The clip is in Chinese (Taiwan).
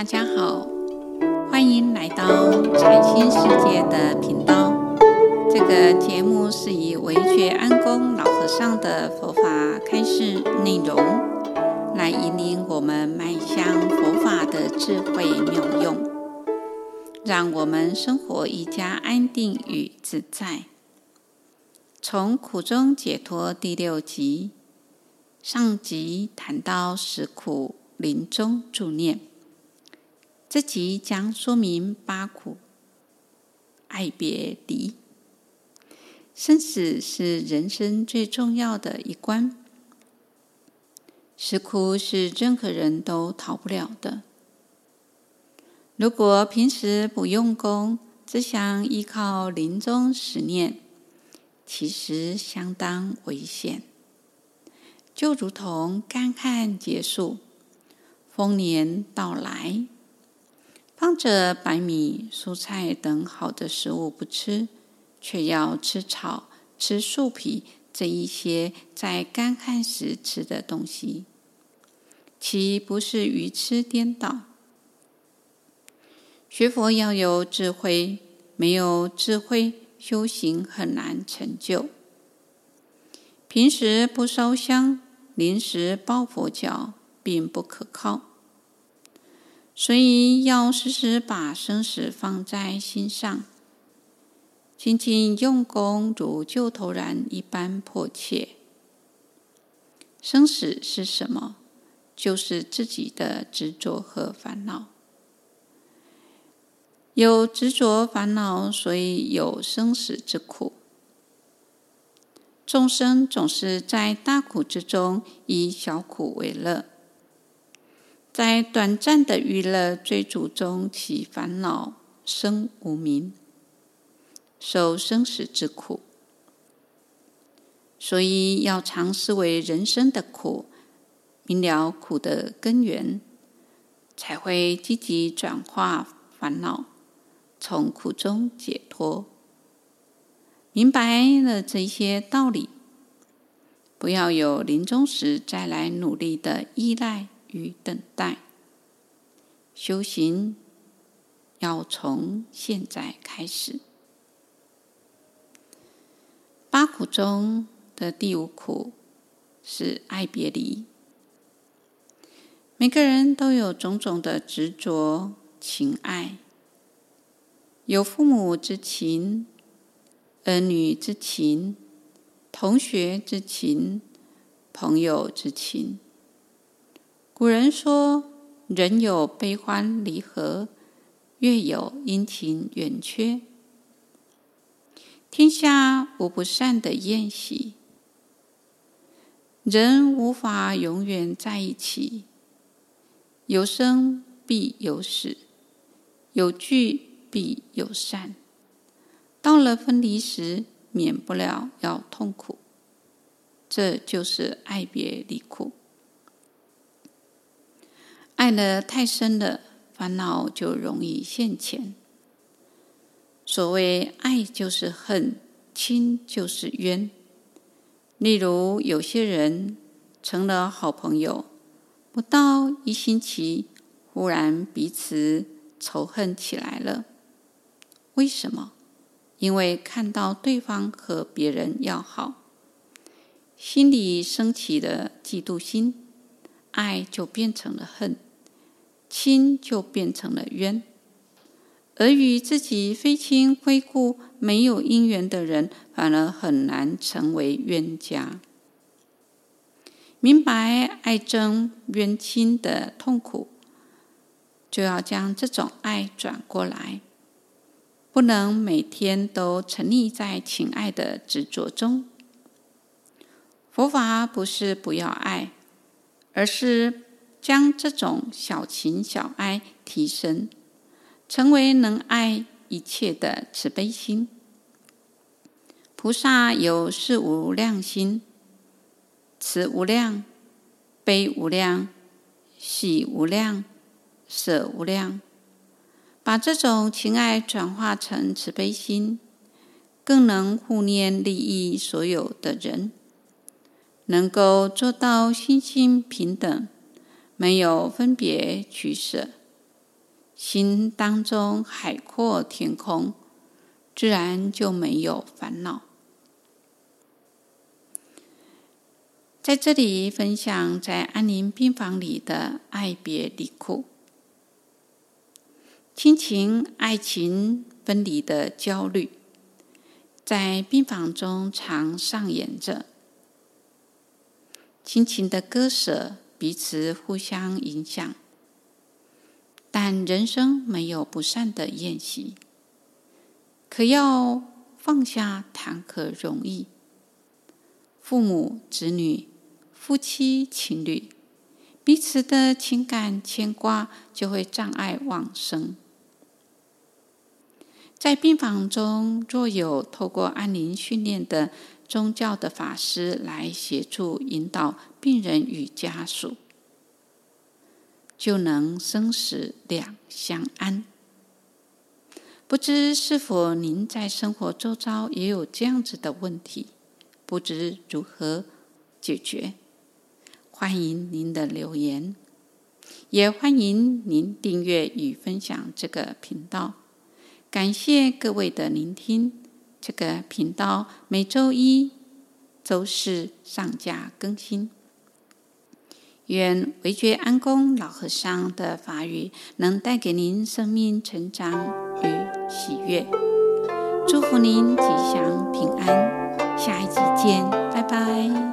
大家好，歡迎來到嶄新世界的頻道。這個節目是以惟覺安公老和尚的佛法開示內容，來引領我們邁向佛法的智慧妙用，讓我們生活更加安定與自在，從苦中解脫。第六集上集談到死苦，臨終助念。這集將說明八苦、愛別離、生死是人生最重要的一關，死苦是任何人都逃不了的。如果平時不用功，只想依靠臨終十念，其實相當危險，就如同乾旱結束、豐年到來。放着白米、蔬菜等好的食物不吃，卻要吃草、吃樹皮這一些在乾旱時吃的東西，豈不是愚痴顛倒。學佛要有智慧，沒有智慧，修行很難成就。平時不燒香，臨時抱佛腳，並不可靠。所以要時時把生死放在心上，精進用功如救頭燃一般迫切。生死是什麼？就是自己的執着和煩惱。有執着煩惱，所以有生死之苦。眾生總是在大苦之中，以小苦為樂。在短暫的欲樂追逐中起煩惱，生無明，受生死之苦。所以要常思惟人生的苦，明了苦的根源，才會積極轉化煩惱，從苦中解脫。明白了這些道理，不要有臨終時再來努力的依賴，與等待，修行，要從現在開始。八苦中的第五苦是愛別離。每個人都有種種的執着，情愛，有父母之情，兒女之情，同學之情，朋友之情。古人說：“人有悲歡離合，月有陰晴圓缺。天下無不散的宴席，人無法永遠在一起。有生必有死，有聚必有散。到了分離時，免不了要痛苦。這就是愛別離苦。”愛的太深了，煩惱就容易現前。所謂愛就是恨，親就是冤。例如，有些人成了好朋友，不到一星期，忽然彼此仇恨起來了。為什麼？因為看到對方和別人要好，心裡生起的嫉妒心，愛就變成了恨。親就變成了冤，而與自己非親非故、沒有因緣的人，反而很難成為冤家。明白愛憎冤親的痛苦，就要將這種愛轉過來，不能每天都沉溺在情愛的執着中。佛法不是不要愛，而是，將這種小情小愛提升，成為能愛一切的慈悲心。菩薩有四無量心：慈無量、悲無量、喜無量、捨無量。把這種情愛轉化成慈悲心，更能護念利益所有的人，能夠做到心性平等。沒有分別取捨，心當中海闊天空，自然就沒有煩惱。在這裡分享在安寧病房裡的愛別離苦，親情愛情分離的焦慮，在病房中常上演着親情的割捨。彼此互相影響，但人生沒有不散的宴席，可要放下談何容易？父母、子女、夫妻、情侶，彼此的情感牽掛就會障礙往生。在病房中，若有透過安寧訓練的宗教的法師來協助引導病人與家屬，就能生死兩相安。不知是否您在生活周遭也有這樣子的問題，不知如何解決？歡迎您的留言，也歡迎您訂閱與分享這個頻道。感謝各位的聆聽，這個頻道每周一、周四上架更新。願惟覺安公老和尚的法語能帶給您生命成長與喜悅，祝福您吉祥平安，下一集見，拜拜。